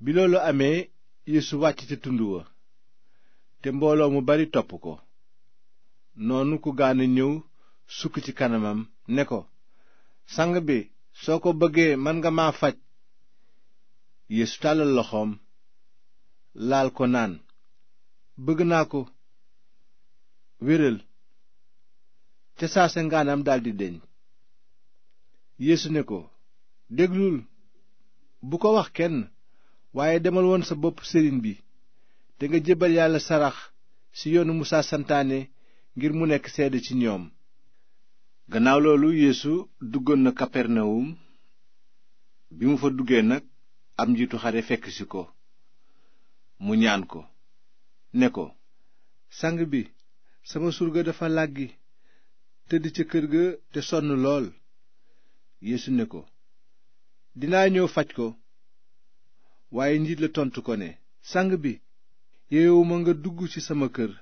bi loolu amee Yeesu wàcc ca tund wa te mbooloo mu bari topp ko noonu ku gaana ñëw sukk ci kanamam ne ko sang bi soo ko bëggee man nga maa faj Yeesu tàllal loxoom laal ko naan bëgg naa ko wéral ca saa sa ngaanam daldi deñ Yeesu ne ko déglul bu ko wax kenn waaye demal woon sa bopp sëriñ bi te nga jébbal yàlla sarax ci yoonu musaa santaane ngir mu nekk seede ci ñoom gannaaw loolu yéesu duggoon na kapernawum bi mu fa duggee nag ab njiitu xare fekk si ko mu ñaan ko ne ko sang bi sama surga dafa làggi tëdd ca kër ga te sonn lool yeesu ne ko dinaa ñëw faj ko waaye njiit la tontu ko ne sang bi yeyowuma nga dugg ci sama kër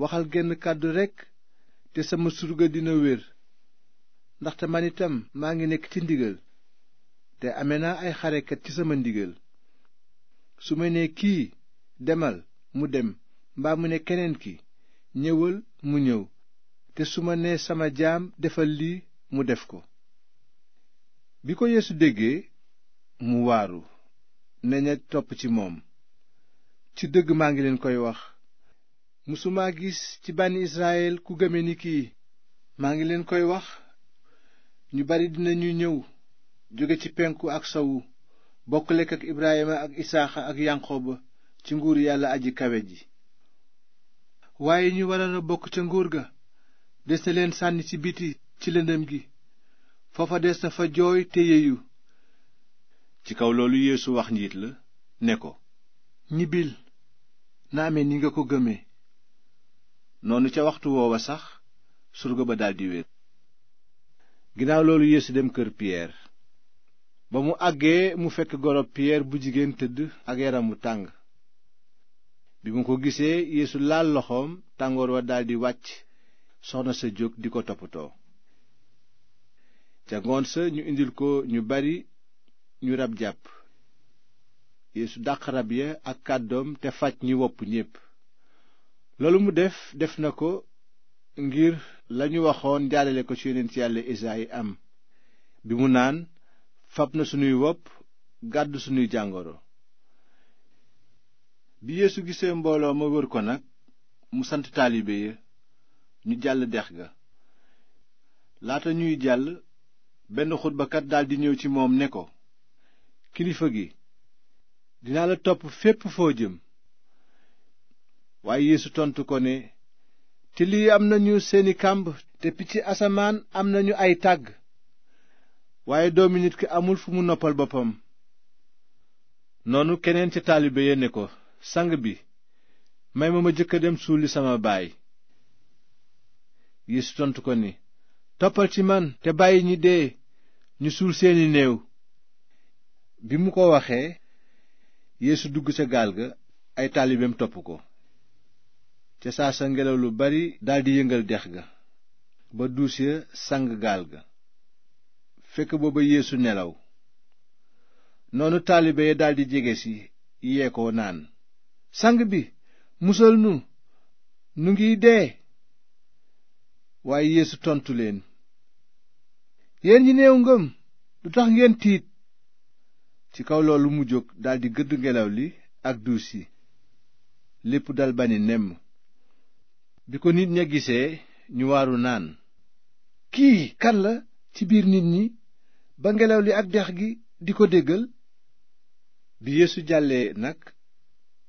waxal genn kàddu rekk te sama surga dina wér ndaxte man itam maa ngi nekk ci ndigal te ame naa ay xarekat ci sama ndigal su ma nee kii demal mu dem mbaa mu ne keneen ki ñëwal mu ñëw te su ma nee sama jaam defal lii mu def ko bi ko Yeesu déggee mu waaru ne topp ci moom ci dëgg maa ngi leen koy wax mësumaa gis ci bànni Israyil ku gëme ni kii maa ngi leen koy wax ñu bari dinañu ñëw jóge ci penku ak sowu bokk lekk ak Ibrahima ak Isaaxa ak Yanqooba ci nguur yàlla aji kawe ji waaye ñu waroon bokk ca nguur ga des na leen sànni ci biti ci lëndëm gi foofa des na fa jooy te yeyu ci kaw loolu yéesu wax njiit la ne ko ñibbil na ame ni nga ko gëme noonu ca waxtu woowa sax surga ba daldi wér ginnaaw loolu yeesu dem kër piyeer ba mu àggee mu fekk gorob piyeer bu jigéen tëdd ak yaram wu tàng bi mu ko gisee yeesu laal loxoom tàngoor wa daldi wàcc soxna sa jóg di ko toppatoo ca ngoon sa ñu indil ko ñu bari ñu rab jàpp yeesu dàq rab ya ak kàddoom te faj ñi wopp ñépp loolu mu def def na ko ngir lañu waxoon jaalale ko ci yonent yàlla Esayi am bi mu naan fab na sunuy wopp gàdd sunuy jàngoro bi yeesu gisee mbooloo ma wër ko nag mu sant taalibe ya ñu jàll dex ga laata ñuy jàll benn xutbakat daldi ñëw ci moom ne ko kilifa gi dinaa la topp fépp foo jëm waaye Yeesu tontu ko ne till yi am nañu seeni kàmb te picc asamaan am nañu ay tàgg waaye doomi nit ki amul fu mu noppal boppam noonu keneen ca taalibe ya ne ko sang bi may ma ma jëkk a dem suuli sama baay Yeesu tontu ko ni toppal ci man te bàyyi ñi dee ñu suul seeni néew bi mu ko waxee yéesu dugg ca gaal ga ay taalibeem topp ko ca saa sa ngelaw lu bari daldi yëngal dex ga ba duus ya sang gaal ga fekk booba yéesu nelaw noonu taalibe ya daldi jege si yee ko naan sang bi musal nu nu ngiy dee waaye yeesu tontu leen yéen ñi néew ngëm lu tax ngeen tiit ci kaw loolu mu jóg daldi gëdd ngelaw li ak duus yi lépp dal bani nemm bi ko nit ña gisee ñu waaru naan kii kan la ci biir nit ñi ba ngelaw li ak dex gi di ko déggal bi yéesu jàllee nag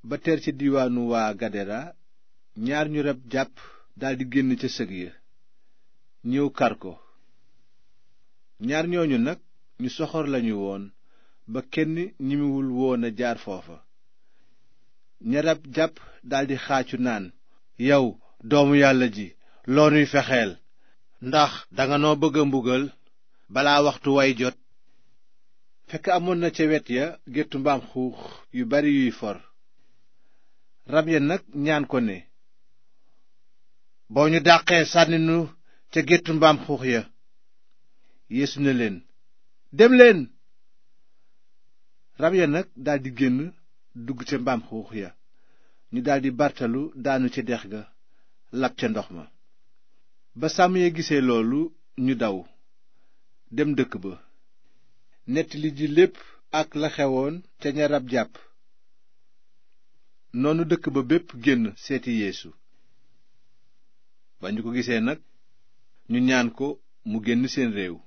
ba ter ca diwaanu waa gadara ñaar ñu rab jàpp daldi génn ca sëg ya ñëw kar ko ñaar ñooñu nag ñu soxor lañu woon ba kenn ñimiwul woona jaar foofa ña rab jàpp daldi xaacu naan yow doomu yàlla ji loo nuy fexeel ndax danga noo bëgg a mbugal balaa waxtu way jot fekk amoon na ca wet ya géttu mbaam xuux yu bari yuy for rab ya nag ñaan ko ne boo ñu dàqee sànninu ca géttu mbaam xuux ya yeesu ne leen dem rab ya nag daldi génn dugg ca mbaam xuux ya ñu daldi bartalu daanu ca dex ga lab ca ndox ma ba sàmm ya gisee loolu ñu daw dem dëkk ba nettali ji lépp ak la xewoon ca ña rab jàpp noonu dëkk ba bépp génn seeti yéesu ba ñu ko gisee nag ñu ñaan ko mu génn seen réew